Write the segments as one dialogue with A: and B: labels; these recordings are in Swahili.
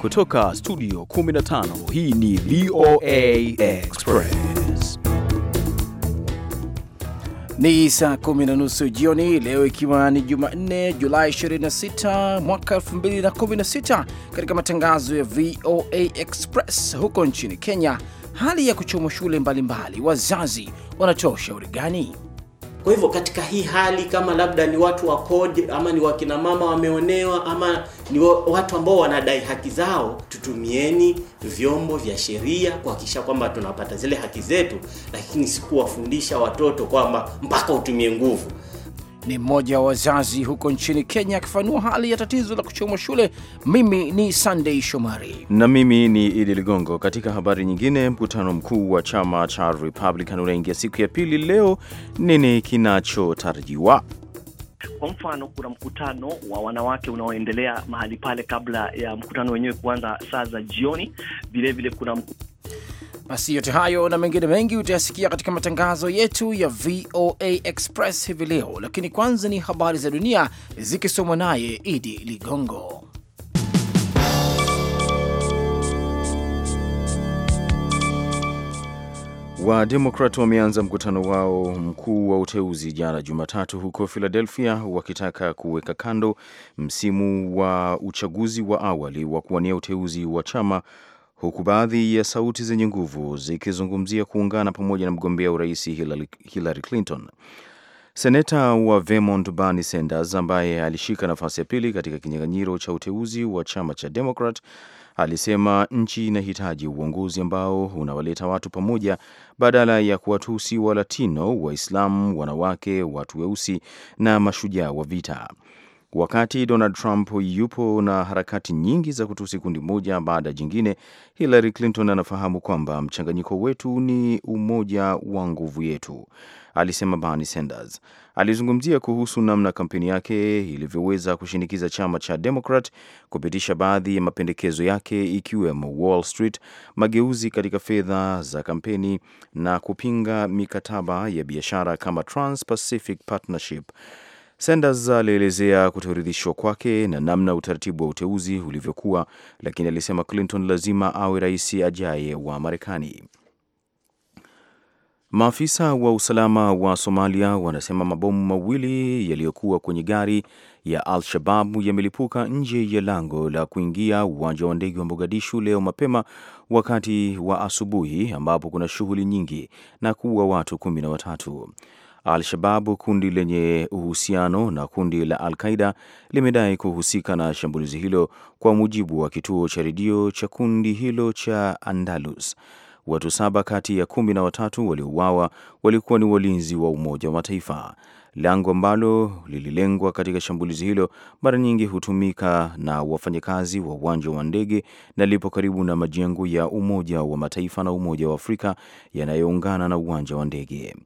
A: Kutoka studio 15 hii ni
B: VOA
A: Express.
B: Ni saa kumi na nusu jioni leo, ikiwa ni Jumanne Julai 26 mwaka 2016. Katika matangazo ya VOA Express, huko nchini Kenya, hali ya kuchoma shule mbalimbali, wazazi wanatoa ushauri gani? Kwa hivyo katika hii hali, kama labda ni watu wa kodi ama ni wakina mama wameonewa
C: ama ni watu ambao wanadai haki zao, tutumieni vyombo vya sheria kuhakikisha kwamba tunapata zile haki zetu, lakini si kuwafundisha watoto kwamba
B: mpaka utumie nguvu ni mmoja wa wazazi huko nchini Kenya akifanua hali ya tatizo la kuchomwa shule. Mimi ni Sandei Shomari
A: na mimi ni Idi Ligongo. Katika habari nyingine, mkutano mkuu wa chama cha Republican unaingia siku ya pili leo. Nini kinachotarajiwa?
D: Kwa mfano kuna mkutano wa wanawake unaoendelea mahali pale kabla ya mkutano wenyewe kuanza saa za jioni. Vilevile kuna
B: mkutano basi yote hayo na mengine mengi utayasikia katika matangazo yetu ya VOA Express hivi leo, lakini kwanza ni habari za dunia zikisomwa naye Idi Ligongo.
A: Wademokrat wameanza mkutano wao mkuu wa uteuzi jana Jumatatu huko Philadelphia, wakitaka kuweka kando msimu wa uchaguzi wa awali wa kuwania uteuzi wa chama huku baadhi ya sauti zenye nguvu zikizungumzia kuungana pamoja na mgombea urais Hillary Clinton. Seneta wa Vermont Bernie Sanders ambaye alishika nafasi ya pili katika kinyang'anyiro cha uteuzi wa chama cha Democrat alisema nchi inahitaji uongozi ambao unawaleta watu pamoja badala ya kuwatusi Walatino, Waislamu, wanawake, watu weusi na mashujaa wa vita. Wakati Donald Trump yupo na harakati nyingi za kutusi kundi moja baada ya jingine, Hillary Clinton anafahamu kwamba mchanganyiko wetu ni umoja wa nguvu yetu, alisema Bernie Sanders. Alizungumzia kuhusu namna kampeni yake ilivyoweza kushinikiza chama cha Democrat kupitisha baadhi ya mapendekezo yake ikiwemo Wall Street, mageuzi katika fedha za kampeni na kupinga mikataba ya biashara kama Trans-Pacific Partnership. Sanders alielezea kutoridhishwa kwake na namna utaratibu wa uteuzi ulivyokuwa, lakini alisema Clinton lazima awe rais ajaye wa Marekani. Maafisa wa usalama wa Somalia wanasema mabomu mawili yaliyokuwa kwenye gari ya al shabab yamelipuka nje ya lango la kuingia uwanja wa ndege wa Mogadishu leo mapema wakati wa asubuhi, ambapo kuna shughuli nyingi na kuua watu kumi na watatu. Al-Shababu, kundi lenye uhusiano na kundi la Al-Qaida, limedai kuhusika na shambulizi hilo, kwa mujibu wa kituo cha redio cha kundi hilo cha Andalus. Watu saba kati ya kumi na watatu waliouawa walikuwa ni walinzi wa Umoja wa Mataifa. Lango ambalo lililengwa katika shambulizi hilo mara nyingi hutumika na wafanyakazi wa uwanja wa ndege na lipo karibu na majengo ya Umoja wa Mataifa na Umoja wa Afrika yanayoungana na uwanja wa ndege.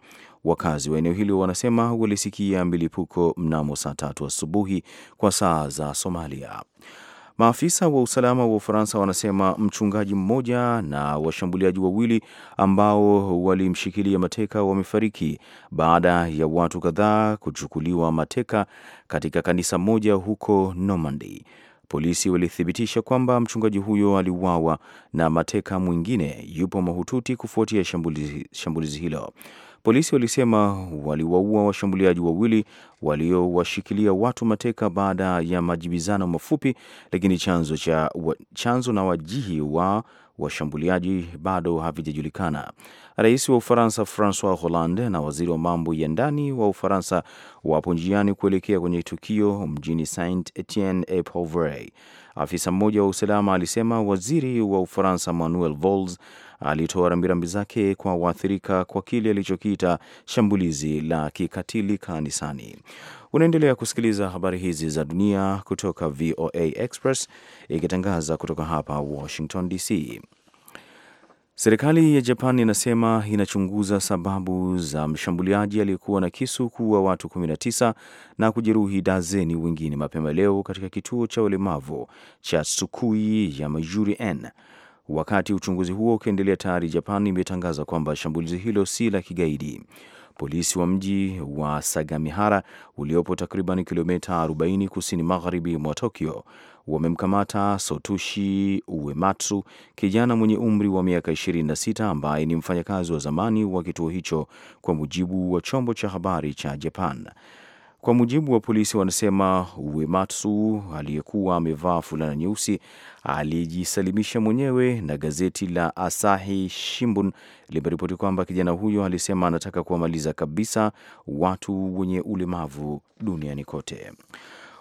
A: Wakazi wa eneo hilo wanasema walisikia milipuko mnamo saa tatu asubuhi kwa saa za Somalia. Maafisa wa usalama wa Ufaransa wanasema mchungaji mmoja na washambuliaji wawili ambao walimshikilia mateka wamefariki baada ya watu kadhaa kuchukuliwa mateka katika kanisa moja huko Normandy. Polisi walithibitisha kwamba mchungaji huyo aliuawa na mateka mwingine yupo mahututi kufuatia shambulizi hilo. Polisi walisema waliwaua washambuliaji wawili waliowashikilia watu mateka baada ya majibizano mafupi, lakini chanzo, cha, wa, chanzo na wajihi wa washambuliaji bado havijajulikana. Rais wa Ufaransa Francois Hollande na waziri wa mambo ya ndani wa Ufaransa wapo njiani kuelekea kwenye tukio mjini Saint Etienne et Pauvray. Afisa mmoja wa usalama alisema waziri wa Ufaransa Manuel Valls alitoa rambirambi zake kwa waathirika kwa kile alichokiita shambulizi la kikatili kanisani. Unaendelea kusikiliza habari hizi za dunia kutoka VOA Express ikitangaza kutoka hapa Washington DC. Serikali ya Japan inasema inachunguza sababu za mshambuliaji aliyekuwa na kisu kuua watu 19 na kujeruhi dazeni wengine mapema leo katika kituo cha ulemavu cha Tsukui ya majuri n Wakati uchunguzi huo ukiendelea, tayari Japan imetangaza kwamba shambulizi hilo si la kigaidi. Polisi wa mji wa Sagamihara uliopo takriban kilomita 40 kusini magharibi mwa Tokyo wamemkamata Sotoshi Uematsu, kijana mwenye umri wa miaka 26 ambaye ni mfanyakazi wa zamani wa kituo hicho, kwa mujibu wa chombo cha habari cha Japan. Kwa mujibu wa polisi, wanasema Uematsu aliyekuwa amevaa fulana nyeusi alijisalimisha mwenyewe, na gazeti la Asahi Shimbun limeripoti kwamba kijana huyo alisema anataka kuwamaliza kabisa watu wenye ulemavu duniani kote.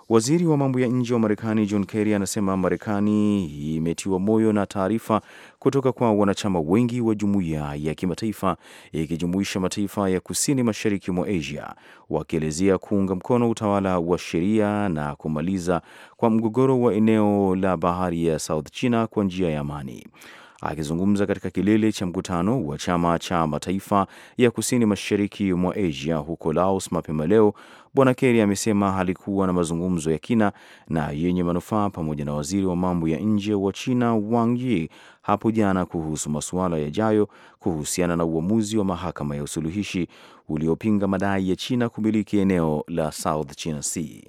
A: Waziri wa mambo ya nje wa Marekani John Kerry anasema Marekani imetiwa moyo na taarifa kutoka kwa wanachama wengi wa jumuiya ya kimataifa ikijumuisha mataifa ya kusini mashariki mwa Asia, wakielezea kuunga mkono utawala wa sheria na kumaliza kwa mgogoro wa eneo la bahari ya South China kwa njia ya amani. Akizungumza katika kilele cha mkutano wa chama cha mataifa ya kusini mashariki mwa Asia huko Laos mapema leo, Bwana Kerry amesema alikuwa na mazungumzo ya kina na yenye manufaa pamoja na waziri wa mambo ya nje wa China Wang Yi hapo jana kuhusu masuala yajayo kuhusiana na uamuzi wa mahakama ya usuluhishi uliopinga madai ya China kumiliki eneo la South China Sea.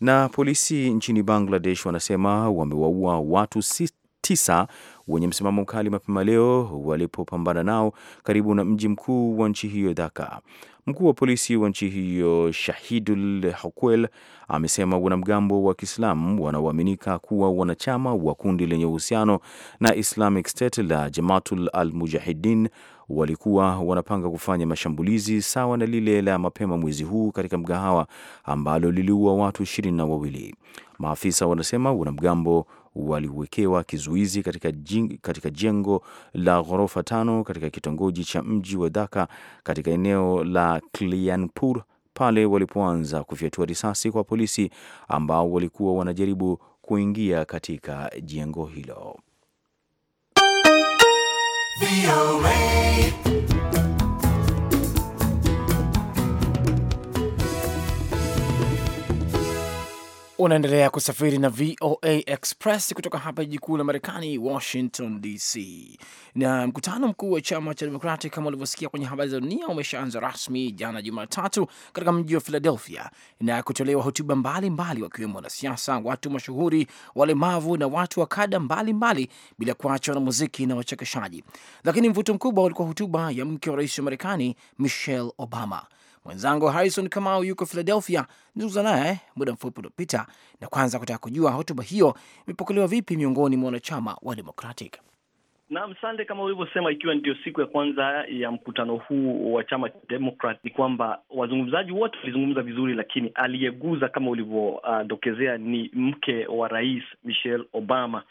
A: Na polisi nchini Bangladesh wanasema wamewaua watu sita tisa wenye msimamo mkali mapema leo walipopambana nao karibu na mji mkuu wa nchi hiyo Dhaka. Mkuu wa polisi wa nchi hiyo Shahidul Hakwel amesema wanamgambo wa Kiislamu wanaoaminika kuwa wanachama wa kundi lenye uhusiano na Islamic State la Jamaatul al Mujahidin walikuwa wanapanga kufanya mashambulizi sawa na lile la mapema mwezi huu katika mgahawa ambalo liliua watu ishirini na wawili. Maafisa wanasema wanamgambo waliwekewa kizuizi katika, jing, katika jengo la ghorofa tano katika kitongoji cha mji wa Dhaka katika eneo la Kalyanpur pale walipoanza kufyatua risasi kwa polisi ambao walikuwa wanajaribu kuingia katika jengo hilo.
B: Unaendelea kusafiri na VOA Express kutoka hapa jiji kuu la Marekani, Washington DC. Na mkutano mkuu wa chama cha Demokrati, kama ulivyosikia kwenye habari za dunia, umeshaanza rasmi jana Jumatatu katika mji wa Philadelphia na kutolewa hotuba mbalimbali, wakiwemo wanasiasa, watu mashuhuri, walemavu na watu wa kada mbalimbali, bila kuacha wanamuziki na wachekeshaji. Lakini mvuto mkubwa ulikuwa hotuba ya mke wa rais wa Marekani, Michelle Obama. Mwenzangu Harrison Kamau yuko Philadelphia, nizungumza naye eh, muda mfupi uliopita, na kwanza kutaka kujua hotuba hiyo imepokelewa vipi miongoni mwa wanachama wa Democratic.
D: Naam, sande. Kama ulivyosema, ikiwa ndio siku ya kwanza ya mkutano huu wa chama cha demokrat ni kwamba wazungumzaji wote walizungumza vizuri, lakini aliyeguza kama ulivyodokezea, uh, ni mke wa rais Michelle Obama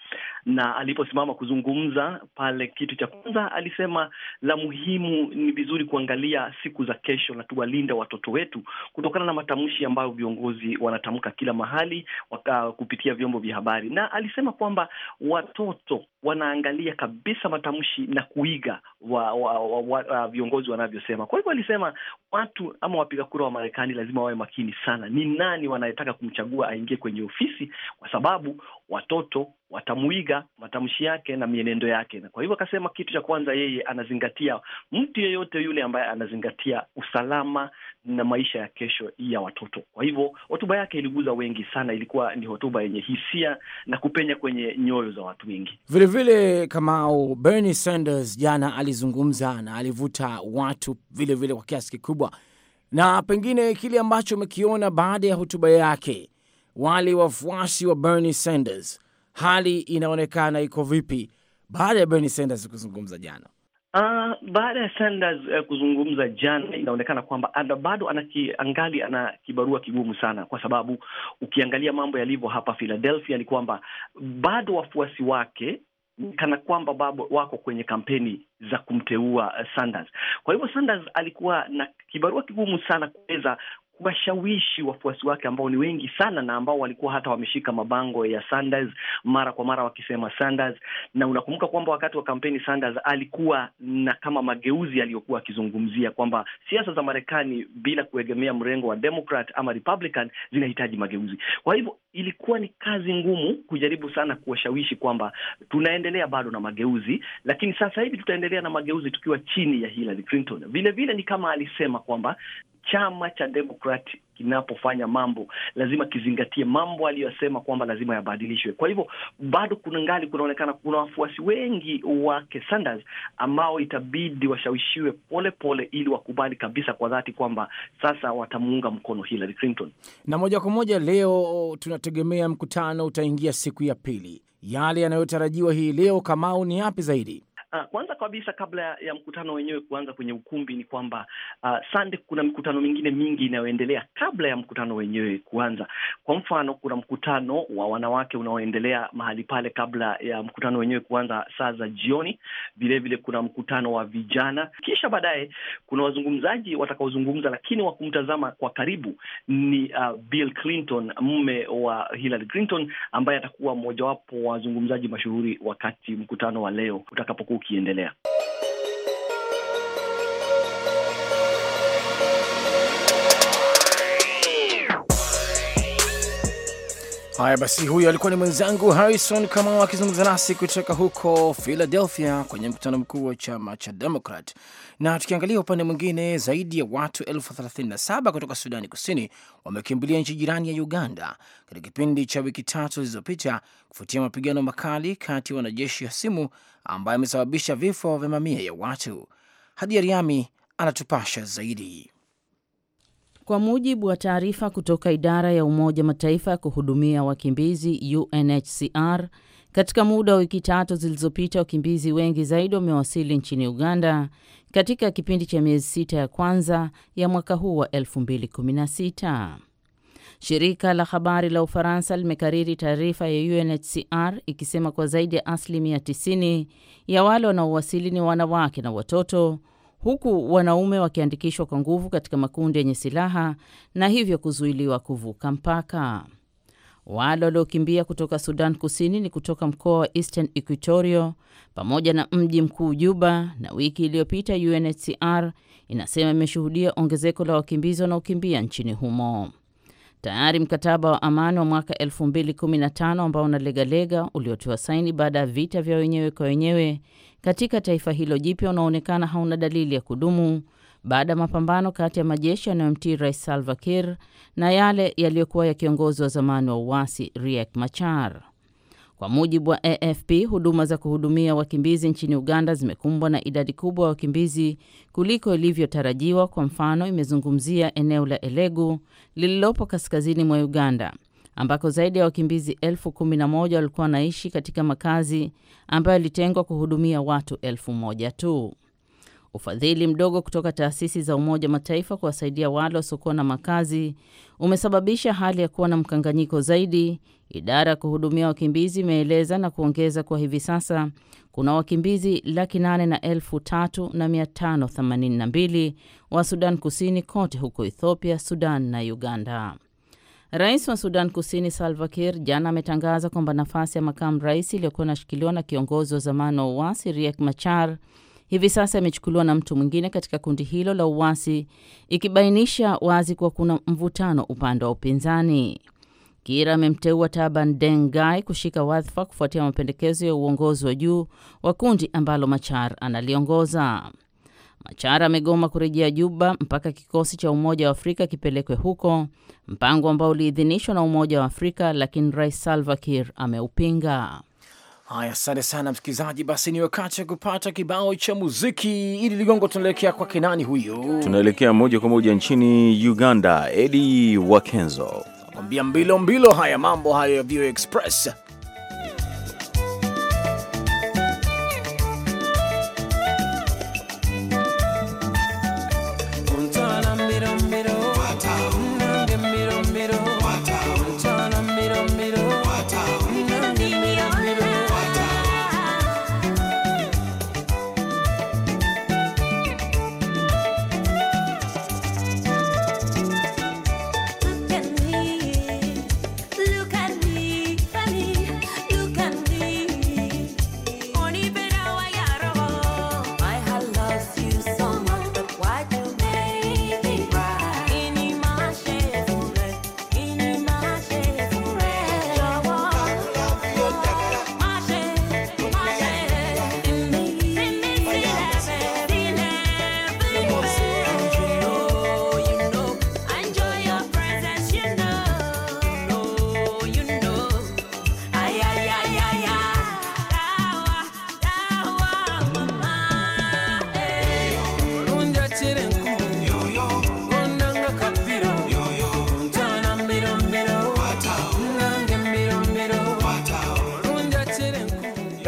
D: na aliposimama kuzungumza pale, kitu cha kwanza alisema la muhimu ni vizuri kuangalia siku za kesho na tuwalinda watoto wetu kutokana na matamshi ambayo viongozi wanatamka kila mahali waka kupitia vyombo vya habari, na alisema kwamba watoto wanaangalia kabisa matamshi na kuiga wa, wa, wa, wa, wa viongozi wanavyosema. Kwa hivyo alisema watu ama wapiga kura wa Marekani lazima wawe makini sana, ni nani wanayetaka kumchagua aingie kwenye ofisi, kwa sababu watoto watamuiga matamshi yake na mienendo yake. Kwa hivyo akasema kitu cha kwanza, yeye anazingatia, mtu yeyote yule ambaye anazingatia usalama na maisha ya kesho ya watoto. Kwa hivyo hotuba yake iliguza wengi sana, ilikuwa ni hotuba yenye hisia na kupenya kwenye nyoyo za watu wengi.
B: Vilevile Kamau, Bernie Sanders jana alizungumza na alivuta watu vilevile kwa kiasi kikubwa, na pengine kile ambacho umekiona baada ya hotuba yake wale wafuasi wa Bernie Sanders, hali inaonekana iko vipi baada ya Bernie Sanders kuzungumza jana?
D: Uh, baada ya Sanders uh, kuzungumza jana inaonekana kwamba bado ana ana kibarua kigumu sana, kwa sababu ukiangalia mambo yalivyo hapa Philadelphia ni kwamba bado wafuasi wake kana kwamba babo wako kwenye kampeni za kumteua eh, Sanders. Kwa hivyo Sanders alikuwa na kibarua kigumu sana kuweza kuwashawishi wafuasi wake ambao ni wengi sana na ambao walikuwa hata wameshika mabango ya Sanders mara kwa mara wakisema Sanders. Na unakumbuka kwamba wakati wa kampeni Sanders alikuwa na kama mageuzi aliyokuwa akizungumzia kwamba siasa za Marekani bila kuegemea mrengo wa Democrat ama Republican zinahitaji mageuzi. Kwa hivyo ilikuwa ni kazi ngumu kujaribu sana kuwashawishi kwamba tunaendelea bado na mageuzi, lakini sasa hivi tutaendelea na mageuzi tukiwa chini ya Hillary Clinton. Vilevile ni kama alisema kwamba chama cha Democrat kinapofanya mambo lazima kizingatie mambo aliyosema kwamba lazima yabadilishwe. Kwa hivyo bado kuna ngali kunaonekana kuna wafuasi wengi wake Sanders ambao itabidi washawishiwe polepole ili wakubali kabisa kwa dhati kwamba sasa watamuunga mkono Hillary Clinton.
B: Na moja kwa moja leo tunategemea mkutano utaingia siku ya pili. Yale yanayotarajiwa hii leo, Kamau, ni yapi zaidi?
D: Uh, kwanza kabisa kabla ya mkutano wenyewe kuanza kwenye ukumbi ni kwamba uh, ah, sande, kuna mikutano mingine mingi inayoendelea kabla ya mkutano wenyewe kuanza. Kwa mfano, kuna mkutano wa wanawake unaoendelea mahali pale kabla ya mkutano wenyewe kuanza saa za jioni. Vilevile kuna mkutano wa vijana, kisha baadaye kuna wazungumzaji watakaozungumza, lakini wa kumtazama kwa karibu ni uh, Bill Clinton, mme wa Hillary Clinton, ambaye atakuwa mmojawapo wa wazungumzaji mashuhuri wakati mkutano wa leo utakapokuwa ukiendelea.
B: Haya basi, huyo alikuwa ni mwenzangu Harrison Kamau akizungumza nasi kutoka huko Philadelphia kwenye mkutano mkuu wa chama cha Demokrat. Na tukiangalia upande mwingine, zaidi ya watu elfu 37 kutoka Sudani Kusini wamekimbilia nchi jirani ya Uganda katika kipindi cha wiki tatu zilizopita kufuatia mapigano makali kati ya wanajeshi hasimu ambayo amesababisha vifo vya mamia ya watu. Hadi Ariami anatupasha zaidi.
E: Kwa mujibu wa taarifa kutoka idara ya Umoja Mataifa ya kuhudumia wakimbizi UNHCR, katika muda wa wiki tatu zilizopita, wakimbizi wengi zaidi wamewasili nchini Uganda katika kipindi cha miezi sita ya kwanza ya mwaka huu wa 2016. Shirika la habari la Ufaransa limekariri taarifa ya UNHCR ikisema kwa zaidi ya asilimia 90 ya wale wanaowasili ni wanawake na watoto huku wanaume wakiandikishwa kwa nguvu katika makundi yenye silaha na hivyo kuzuiliwa kuvuka mpaka. Wale waliokimbia kutoka Sudan Kusini ni kutoka mkoa wa Eastern Equatoria pamoja na mji mkuu Juba, na wiki iliyopita UNHCR inasema imeshuhudia ongezeko la wakimbizi wanaokimbia nchini humo. Tayari mkataba wa amani wa mwaka 2015 ambao unalegalega uliotiwa saini baada ya vita vya wenyewe kwa wenyewe katika taifa hilo jipya unaonekana hauna dalili ya kudumu baada ya mapambano kati ya majeshi yanayomtii Rais Salva Kiir na yale yaliyokuwa ya kiongozi wa zamani wa uasi Riek Machar. Kwa mujibu wa AFP, huduma za kuhudumia wakimbizi nchini Uganda zimekumbwa na idadi kubwa ya wakimbizi kuliko ilivyotarajiwa. Kwa mfano, imezungumzia eneo la Elegu lililopo kaskazini mwa Uganda ambako zaidi ya wakimbizi elfu kumi na moja walikuwa wanaishi katika makazi ambayo yalitengwa kuhudumia watu elfu moja tu. Ufadhili mdogo kutoka taasisi za Umoja wa Mataifa kuwasaidia wale wasiokuwa na makazi umesababisha hali ya kuwa na mkanganyiko zaidi, idara ya kuhudumia wakimbizi imeeleza na kuongeza kwa hivi sasa kuna wakimbizi laki nane na elfu tatu na mia tano themanini na mbili wa Sudan Kusini kote huko Ethiopia, Sudan na Uganda. Rais wa Sudan Kusini Salva Kiir jana ametangaza kwamba nafasi ya makamu rais iliyokuwa inashikiliwa na kiongozi wa zamani wa uasi Riek Machar hivi sasa imechukuliwa na mtu mwingine katika kundi hilo la uasi, ikibainisha wazi kuwa kuna mvutano upande wa upinzani. Kiir amemteua Taban Deng Gai kushika wadhifa kufuatia mapendekezo ya uongozi wa juu wa kundi ambalo Machar analiongoza. Machar amegoma kurejea Juba mpaka kikosi cha Umoja wa Afrika kipelekwe huko, mpango ambao uliidhinishwa na Umoja wa Afrika, lakini Rais Salva Kiir ameupinga.
B: Haya, asante sana msikilizaji. Basi ni wakati wa kupata kibao cha muziki. Ili Ligongo, tunaelekea kwa kinani huyo,
A: tunaelekea moja kwa moja nchini Uganda. edi Wakenzo
B: ambia mbilo mbilo. Haya mambo hayo ya VOA Express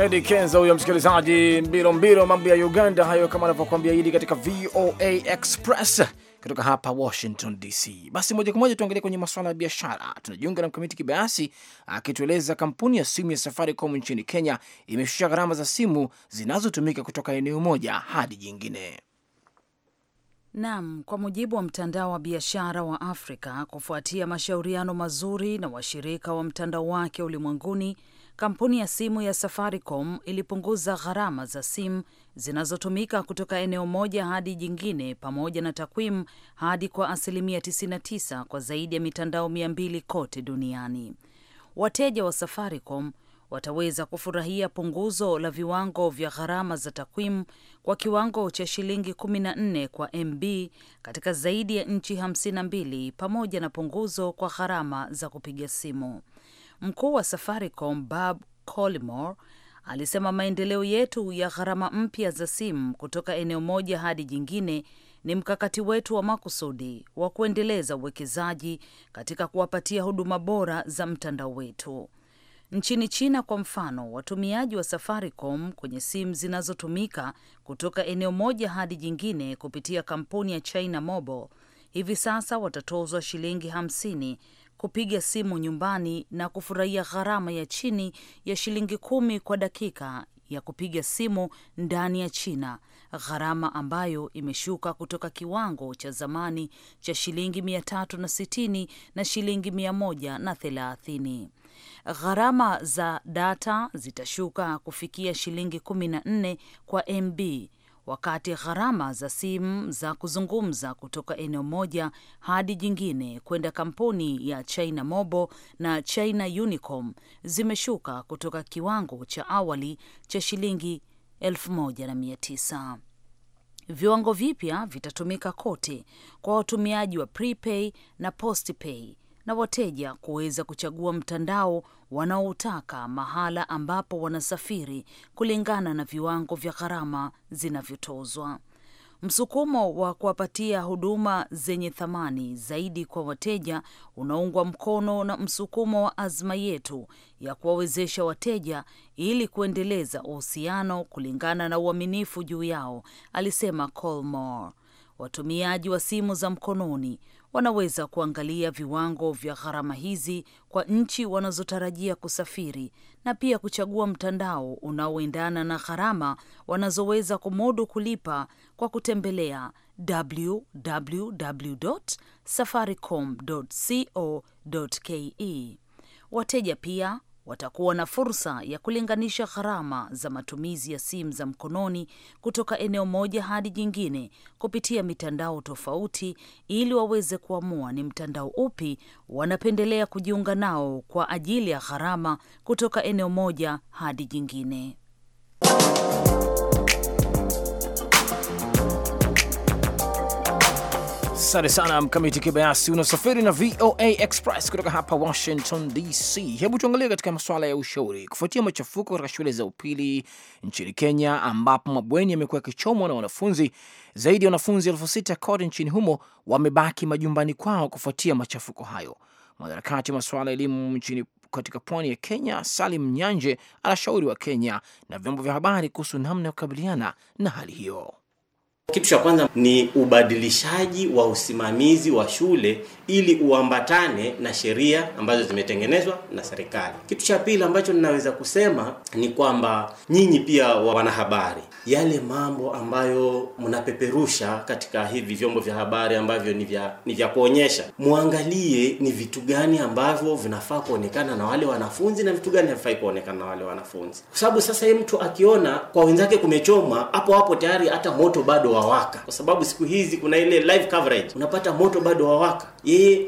B: Edi Kenzo huyo msikilizaji, mbiro mbiro, mambo ya Uganda hayo, kama anavyokuambia Idi katika VOA Express kutoka hapa Washington DC. Basi moja kwa moja tuangalie kwenye masuala ya biashara. Tunajiunga na Mkamiti Kibayasi akitueleza kampuni ya simu ya Safaricom nchini Kenya imeshusha gharama za simu zinazotumika kutoka eneo moja hadi jingine.
F: Naam, kwa mujibu wa mtandao wa biashara wa Afrika, kufuatia mashauriano mazuri na washirika wa mtandao wake ulimwenguni kampuni ya simu ya Safaricom ilipunguza gharama za simu zinazotumika kutoka eneo moja hadi jingine pamoja na takwimu hadi kwa asilimia 99 kwa zaidi ya mitandao 200 kote duniani. Wateja wa Safaricom wataweza kufurahia punguzo la viwango vya gharama za takwimu kwa kiwango cha shilingi 14 kwa MB katika zaidi ya nchi 52 pamoja na punguzo kwa gharama za kupiga simu. Mkuu wa Safaricom Bob Collymore alisema maendeleo yetu ya gharama mpya za simu kutoka eneo moja hadi jingine ni mkakati wetu wa makusudi wa kuendeleza uwekezaji katika kuwapatia huduma bora za mtandao wetu. Nchini China kwa mfano, watumiaji wa Safaricom kwenye simu zinazotumika kutoka eneo moja hadi jingine kupitia kampuni ya China Mobile hivi sasa watatozwa shilingi 50 kupiga simu nyumbani na kufurahia gharama ya chini ya shilingi kumi kwa dakika ya kupiga simu ndani ya China, gharama ambayo imeshuka kutoka kiwango cha zamani cha shilingi mia tatu na sitini na shilingi mia moja na thelathini. Gharama za data zitashuka kufikia shilingi kumi na nne kwa MB wakati gharama za simu za kuzungumza kutoka eneo moja hadi jingine kwenda kampuni ya China Mobile na China Unicom zimeshuka kutoka kiwango cha awali cha shilingi 1900. Viwango vipya vitatumika kote kwa watumiaji wa prepay na postpay na wateja kuweza kuchagua mtandao wanaoutaka mahala ambapo wanasafiri kulingana na viwango vya gharama zinavyotozwa. Msukumo wa kuwapatia huduma zenye thamani zaidi kwa wateja unaungwa mkono na msukumo wa azma yetu ya kuwawezesha wateja ili kuendeleza uhusiano kulingana na uaminifu juu yao, alisema Colmore. Watumiaji wa simu za mkononi wanaweza kuangalia viwango vya gharama hizi kwa nchi wanazotarajia kusafiri na pia kuchagua mtandao unaoendana na gharama wanazoweza kumudu kulipa kwa kutembelea www.safaricom.co.ke. Wateja pia watakuwa na fursa ya kulinganisha gharama za matumizi ya simu za mkononi kutoka eneo moja hadi jingine kupitia mitandao tofauti, ili waweze kuamua ni mtandao upi wanapendelea kujiunga nao kwa ajili ya gharama kutoka eneo moja hadi jingine.
B: Asante sana Mkamiti Kibayasi. Unasafiri na VOA Express kutoka hapa Washington DC. Hebu tuangalie katika masuala ya ushauri. Kufuatia machafuko katika shule za upili nchini Kenya, ambapo mabweni yamekuwa yakichomwa na wanafunzi, zaidi ya wanafunzi elfu sita kote nchini humo wamebaki majumbani kwao kufuatia machafuko hayo. Mwanaharakati wa masuala ya elimu nchini katika pwani ya Kenya, Salim Nyanje, anashauri wa Kenya na vyombo vya habari kuhusu namna ya kukabiliana na hali hiyo.
C: Kitu cha kwanza ni ubadilishaji wa usimamizi wa shule ili uambatane na sheria ambazo zimetengenezwa na serikali. Kitu cha pili ambacho ninaweza kusema ni kwamba nyinyi pia wa wanahabari, yale mambo ambayo mnapeperusha katika hivi vyombo vya habari ambavyo ni vya ni vya kuonyesha, muangalie ni vitu gani ambavyo vinafaa kuonekana na wale wanafunzi na vitu gani havifai kuonekana na wale wanafunzi, kwa sababu sasa mtu akiona kwa wenzake kumechoma, hapo hapo tayari hata moto bado wa wawaka, kwa sababu siku hizi kuna ile live coverage, unapata moto bado wawaka. Yeye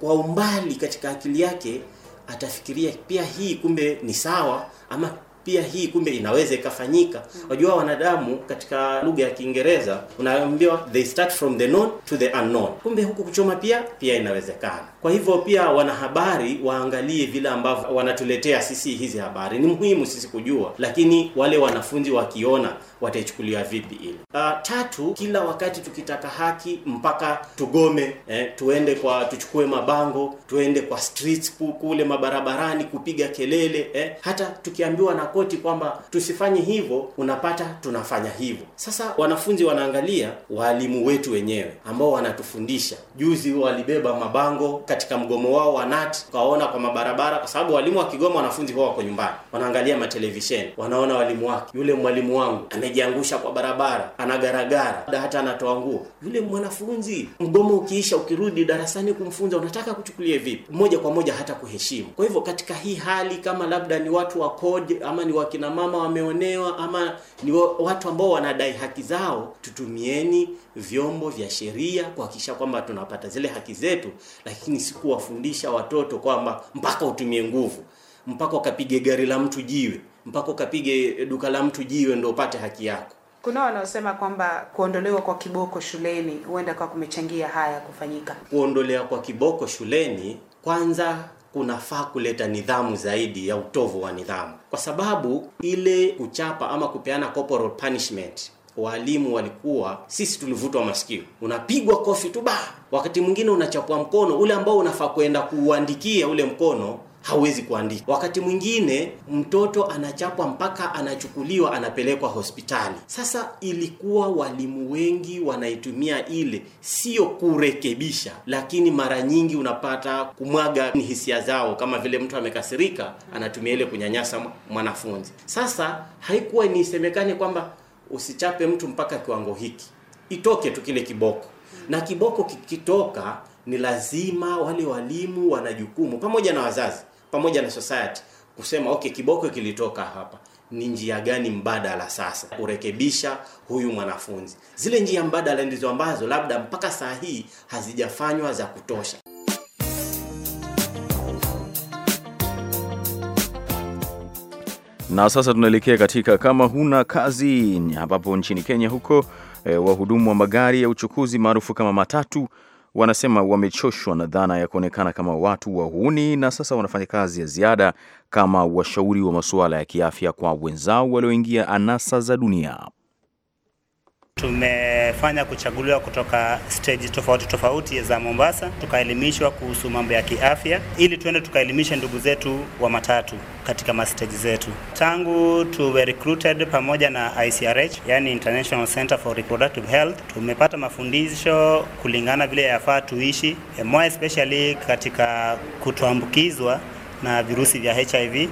C: kwa umbali katika akili yake atafikiria pia hii kumbe ni sawa, ama pia hii kumbe inaweza ikafanyika. Hmm. Wajua wanadamu katika lugha ya Kiingereza unaambiwa they start from the known to the unknown, kumbe huku kuchoma pia pia inawezekana. Kwa hivyo pia wanahabari waangalie vile ambavyo wanatuletea sisi hizi habari. Ni muhimu sisi kujua, lakini wale wanafunzi wakiona wataichukulia vipi ile. Uh, ah, tatu, kila wakati tukitaka haki mpaka tugome eh, tuende kwa tuchukue mabango, tuende kwa streets kule mabarabarani kupiga kelele eh. Hata tukiambiwa na koti kwamba tusifanye hivyo, unapata tunafanya hivyo. Sasa wanafunzi wanaangalia walimu wetu wenyewe ambao wanatufundisha. Juzi walibeba mabango katika mgomo wao wa NAT, ukaona kwa mabarabara, kwa sababu walimu wakigoma wanafunzi huwa wako nyumbani, wanaangalia matelevisheni, wanaona walimu wake, yule mwalimu wangu ame amejiangusha kwa barabara, anagaragara, hata anatoa nguo. Yule mwanafunzi mgomo ukiisha, ukirudi darasani kumfunza, unataka kuchukulia vipi? Moja kwa moja hata kuheshimu. Kwa hivyo katika hii hali, kama labda ni watu wa kodi ama ni wakina mama wameonewa ama ni watu ambao wanadai haki zao, tutumieni vyombo vya sheria kuhakikisha kwamba tunapata zile haki zetu, lakini si kuwafundisha watoto kwamba mpaka utumie nguvu, mpaka ukapige gari la mtu jiwe mpaka ukapige duka la mtu jiwe ndo upate haki yako.
G: Kuna wanaosema kwamba kuondolewa kwa kiboko shuleni huenda kwa kumechangia haya kufanyika.
C: Kuondolewa kwa kiboko shuleni, kwanza kunafaa kuleta nidhamu zaidi ya utovu wa nidhamu, kwa sababu ile kuchapa ama kupeana corporal punishment Walimu walikuwa sisi tulivutwa masikio, unapigwa kofi tu ba, wakati mwingine unachapua mkono ule ambao unafaa kwenda kuuandikia ule mkono hawezi kuandika. Wakati mwingine mtoto anachapwa mpaka anachukuliwa anapelekwa hospitali. Sasa ilikuwa walimu wengi wanaitumia ile, sio kurekebisha, lakini mara nyingi unapata kumwaga hisia zao, kama vile mtu amekasirika anatumia ile kunyanyasa mwanafunzi. Sasa haikuwa nisemekane kwamba usichape mtu mpaka kiwango hiki, itoke tu kile kiboko, na kiboko kikitoka ni lazima wale walimu wana jukumu pamoja na wazazi pamoja na society kusema okay, kiboko kilitoka hapa, ni njia gani mbadala sasa kurekebisha huyu mwanafunzi? Zile njia mbadala ndizo ambazo labda mpaka saa hii hazijafanywa za kutosha.
A: Na sasa tunaelekea katika kama huna kazi, ambapo nchini Kenya huko eh, wahudumu wa magari ya uchukuzi maarufu kama matatu wanasema wamechoshwa na dhana ya kuonekana kama watu wahuni na sasa wanafanya kazi ya ziada kama washauri wa masuala ya kiafya kwa wenzao walioingia anasa za dunia.
G: Tumefanya kuchaguliwa kutoka stage tofauti tofauti za Mombasa, tukaelimishwa kuhusu mambo ya kiafya, ili tuende tukaelimisha ndugu zetu wa matatu katika masteji zetu. Tangu tuwe recruited pamoja na ICRH, yani International Center for Reproductive Health, tumepata mafundisho kulingana vile yafaa tuishi, more especially katika kutoambukizwa na virusi vya HIV,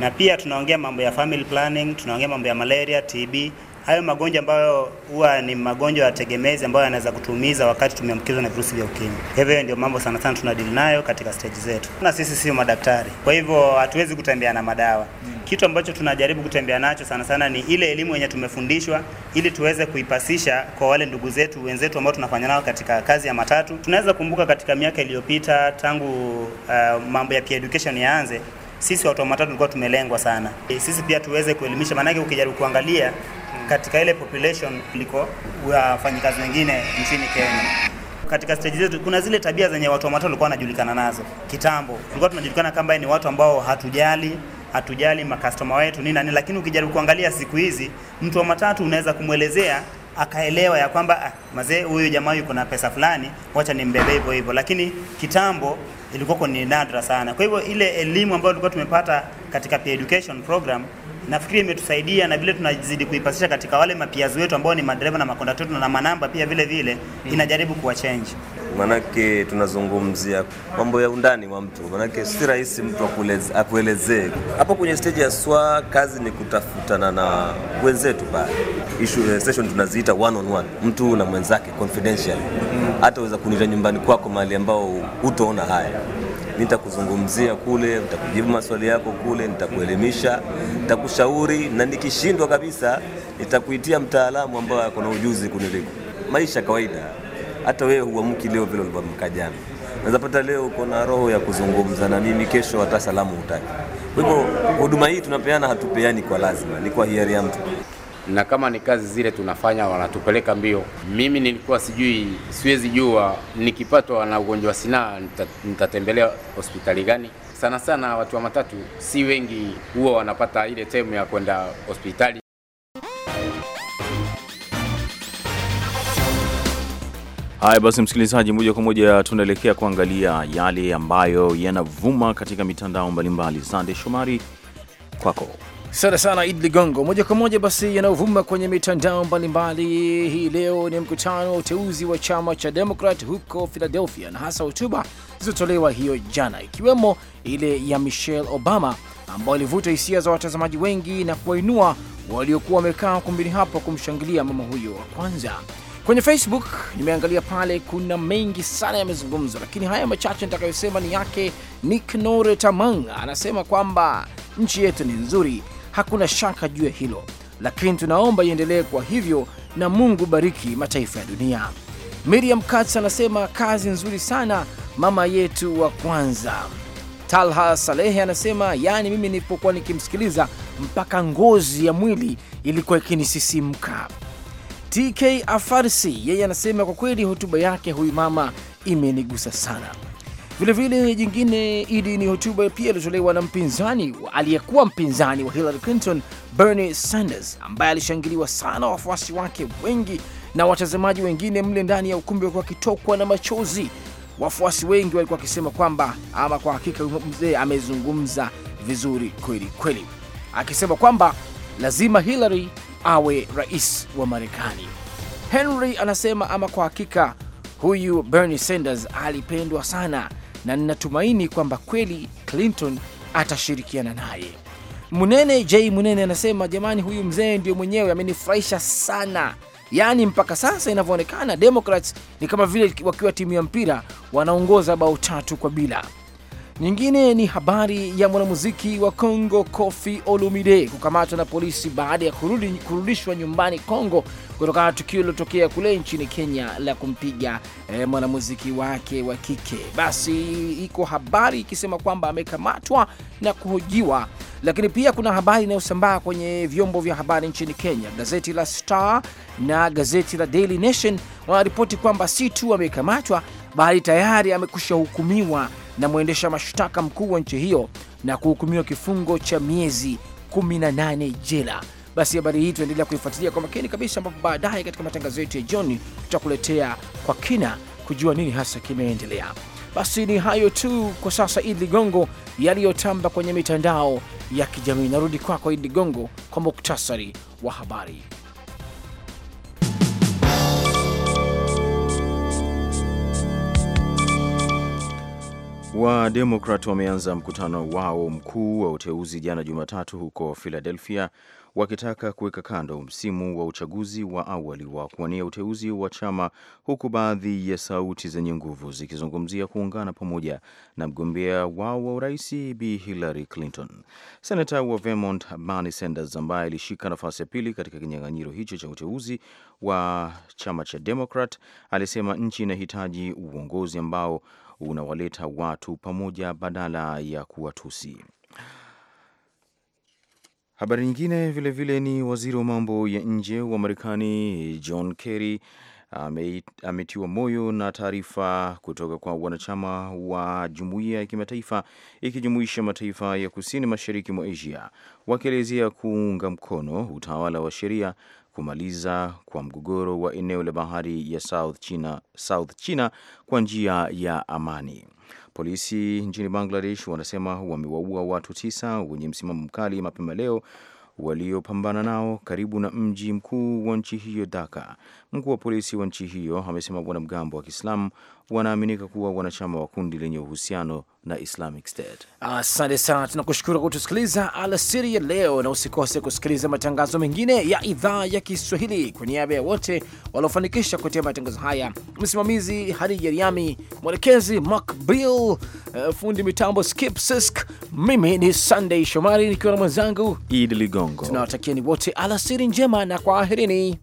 G: na pia tunaongea mambo ya family planning, tunaongea mambo ya malaria, TB hayo magonjwa ambayo huwa ni magonjwa ya tegemezi ambayo yanaweza kutuumiza wakati tumeambukizwa na virusi vya ukimwi. Hivyo ndio mambo sana sana tunadili nayo katika stage zetu, na sisi sio madaktari, kwa hivyo hatuwezi kutembea na madawa mm. Kitu ambacho tunajaribu kutembea nacho sana sana ni ile elimu yenye tumefundishwa, ili tuweze kuipasisha kwa wale ndugu zetu wenzetu ambao tunafanya nao katika kazi ya matatu. Tunaweza kumbuka katika miaka iliyopita tangu uh, mambo ya peer education yaanze, sisi watu wa matatu tulikuwa tumelengwa sana. E, Sisi pia tuweze kuelimisha, maanake ukijaribu kuangalia Mm. katika ile population kuliko wafanyikazi wengine nchini Kenya. Katika stage zetu kuna zile tabia zenye watu wa Matatu walikuwa wanajulikana nazo kitambo. Tulikuwa tunajulikana kama ni watu ambao hatujali hatujali makastoma wetu nini na nini, lakini ukijaribu kuangalia siku hizi mtu wa Matatu unaweza kumwelezea akaelewa ya kwamba ah, mzee huyu jamaa yuko na pesa fulani, wacha nimbebe hivyo hivyo. Lakini kitambo ilikuwa ni nadra sana. Kwa hivyo ile elimu ambayo tulikuwa tumepata katika peer education program nafikiri imetusaidia na vile tunazidi kuipasisha katika wale mapias wetu ambao ni madereva na makondakta wetu na manamba pia vile vile mm. inajaribu kuwachenji
C: manake tunazungumzia mambo ya undani wa mtu, manake si rahisi mtu akuelezee. Hapo kwenye stage ya SWA kazi ni kutafutana na wenzetu pale, issue eh, session tunaziita one on one, mtu na mwenzake confidentially mm. hata uweza kunita nyumbani kwako mahali ambao hutoona haya nitakuzungumzia kule, nitakujibu maswali yako kule, nitakuelimisha, nitakushauri, na nikishindwa kabisa nitakuitia mtaalamu ambaye ako na ujuzi kuniliko. Maisha kawaida, hata wewe huamki leo vile ulivyoamka jana. Unaweza pata leo uko na roho ya kuzungumza na mimi, kesho hata salamu hutaki. Kwa hivyo huduma hii tunapeana, hatupeani kwa lazima, ni kwa hiari ya mtu na kama ni kazi zile tunafanya wanatupeleka mbio. Mimi nilikuwa sijui, siwezi jua nikipatwa na ugonjwa sinaa nitatembelea hospitali gani. Sana sana watu wa matatu si wengi huwa wanapata ile temu ya kwenda hospitali.
A: Haya basi, msikilizaji, moja kwa moja tunaelekea kuangalia yale ambayo yanavuma katika mitandao mbalimbali. Sande Shomari,
D: kwako.
B: Asante sana Idi Ligongo. Moja kwa moja basi, yanayovuma kwenye mitandao mbalimbali hii leo ni mkutano wa uteuzi wa chama cha Demokrat huko Philadelphia, na hasa hotuba zilizotolewa hiyo jana, ikiwemo ile ya Michelle Obama ambayo ilivuta hisia za watazamaji wengi na kuwainua waliokuwa wamekaa kumbini hapo kumshangilia mama huyo wa kwanza. Kwenye Facebook nimeangalia pale, kuna mengi sana yamezungumzwa, lakini haya machache nitakayosema ni yake Nick Nore Tamang. Anasema kwamba nchi yetu ni nzuri hakuna shaka juu ya hilo, lakini tunaomba iendelee kwa hivyo, na Mungu bariki mataifa ya dunia. Miriam Katz anasema kazi nzuri sana mama yetu wa kwanza. Talha Salehe anasema yaani, mimi nilipokuwa nikimsikiliza mpaka ngozi ya mwili ilikuwa ikinisisimka. TK Afarsi yeye anasema kwa kweli hotuba yake huyu mama imenigusa sana. Vilevile jingine idi ni hotuba pia iliyotolewa na mpinzani aliyekuwa mpinzani wa Hillary Clinton, Bernie Sanders, ambaye alishangiliwa sana wafuasi wake wengi na watazamaji wengine mle ndani ya ukumbi wakiwa wakitokwa na machozi. Wafuasi wengi walikuwa wakisema kwamba ama kwa hakika mzee amezungumza vizuri kweli kweli, akisema kwamba lazima Hillary awe rais wa Marekani. Henry anasema ama kwa hakika huyu Bernie Sanders alipendwa sana na ninatumaini kwamba kweli Clinton atashirikiana naye. Munene J Munene anasema jamani, huyu mzee ndio mwenyewe amenifurahisha sana. Yaani mpaka sasa inavyoonekana Democrats ni kama vile wakiwa timu ya mpira wanaongoza bao tatu kwa bila. Nyingine ni habari ya mwanamuziki wa Kongo Kofi Olumide kukamatwa na polisi baada ya kurudi, kurudishwa nyumbani Kongo kutokana na tukio lilotokea kule nchini Kenya la kumpiga eh, mwanamuziki wake wa kike. Basi iko habari ikisema kwamba amekamatwa na kuhojiwa, lakini pia kuna habari inayosambaa kwenye vyombo vya habari nchini Kenya. Gazeti la Star na gazeti la Daily Nation wanaripoti kwamba si tu amekamatwa, bali tayari amekusha hukumiwa na mwendesha mashtaka mkuu wa nchi hiyo na kuhukumiwa kifungo cha miezi 18 jela. Basi habari hii tunaendelea kuifuatilia kwa makini kabisa, ambapo baadaye katika matangazo yetu ya jioni tutakuletea kwa kina kujua nini hasa kimeendelea. Basi ni hayo tu kwa sasa, Idi Ligongo, yaliyotamba kwenye mitandao ya kijamii. Narudi kwako kwa Idi Ligongo kwa muktasari wa habari.
A: Wademokrat wameanza mkutano wao mkuu wa uteuzi jana Jumatatu huko Philadelphia, wakitaka kuweka kando msimu wa uchaguzi wa awali wa kuwania uteuzi wa chama, huku baadhi ya sauti zenye nguvu zikizungumzia kuungana pamoja na mgombea wao wa urais Bi Hillary Clinton. Senata wa Vermont Bernie Sanders, ambaye alishika nafasi ya pili katika kinyang'anyiro hicho cha uteuzi wa chama cha Democrat, alisema nchi inahitaji uongozi ambao unawaleta watu pamoja badala ya kuwatusi. Habari nyingine vilevile ni waziri wa mambo ya nje wa Marekani John Kerry ametiwa moyo na taarifa kutoka kwa wanachama wa jumuiya ya kimataifa ikijumuisha mataifa ya kusini mashariki mwa Asia wakielezea kuunga mkono utawala wa sheria kumaliza kwa mgogoro wa eneo la bahari ya South China, South China kwa njia ya amani. Polisi nchini Bangladesh wanasema wamewaua watu tisa wenye msimamo mkali mapema leo waliopambana nao karibu na mji mkuu wa nchi hiyo Dhaka. Mkuu wa polisi wa nchi hiyo amesema wanamgambo wa Kiislamu wanaaminika kuwa wanachama wa kundi lenye uhusiano na Islamic State.
B: Asante sana, tunakushukuru kwa kutusikiliza alasiri ya leo, na usikose kusikiliza matangazo mengine ya idhaa ya Kiswahili. Kwa niaba ya wote waliofanikisha kutia matangazo haya, msimamizi hadi Jeriami, mwelekezi Macbill, uh, eh, fundi mitambo Skip Sisk, mimi ni Sunday Shomari nikiwa na mwenzangu
A: Idi Ligongo.
B: Tunawatakieni wote alasiri njema na kwaherini.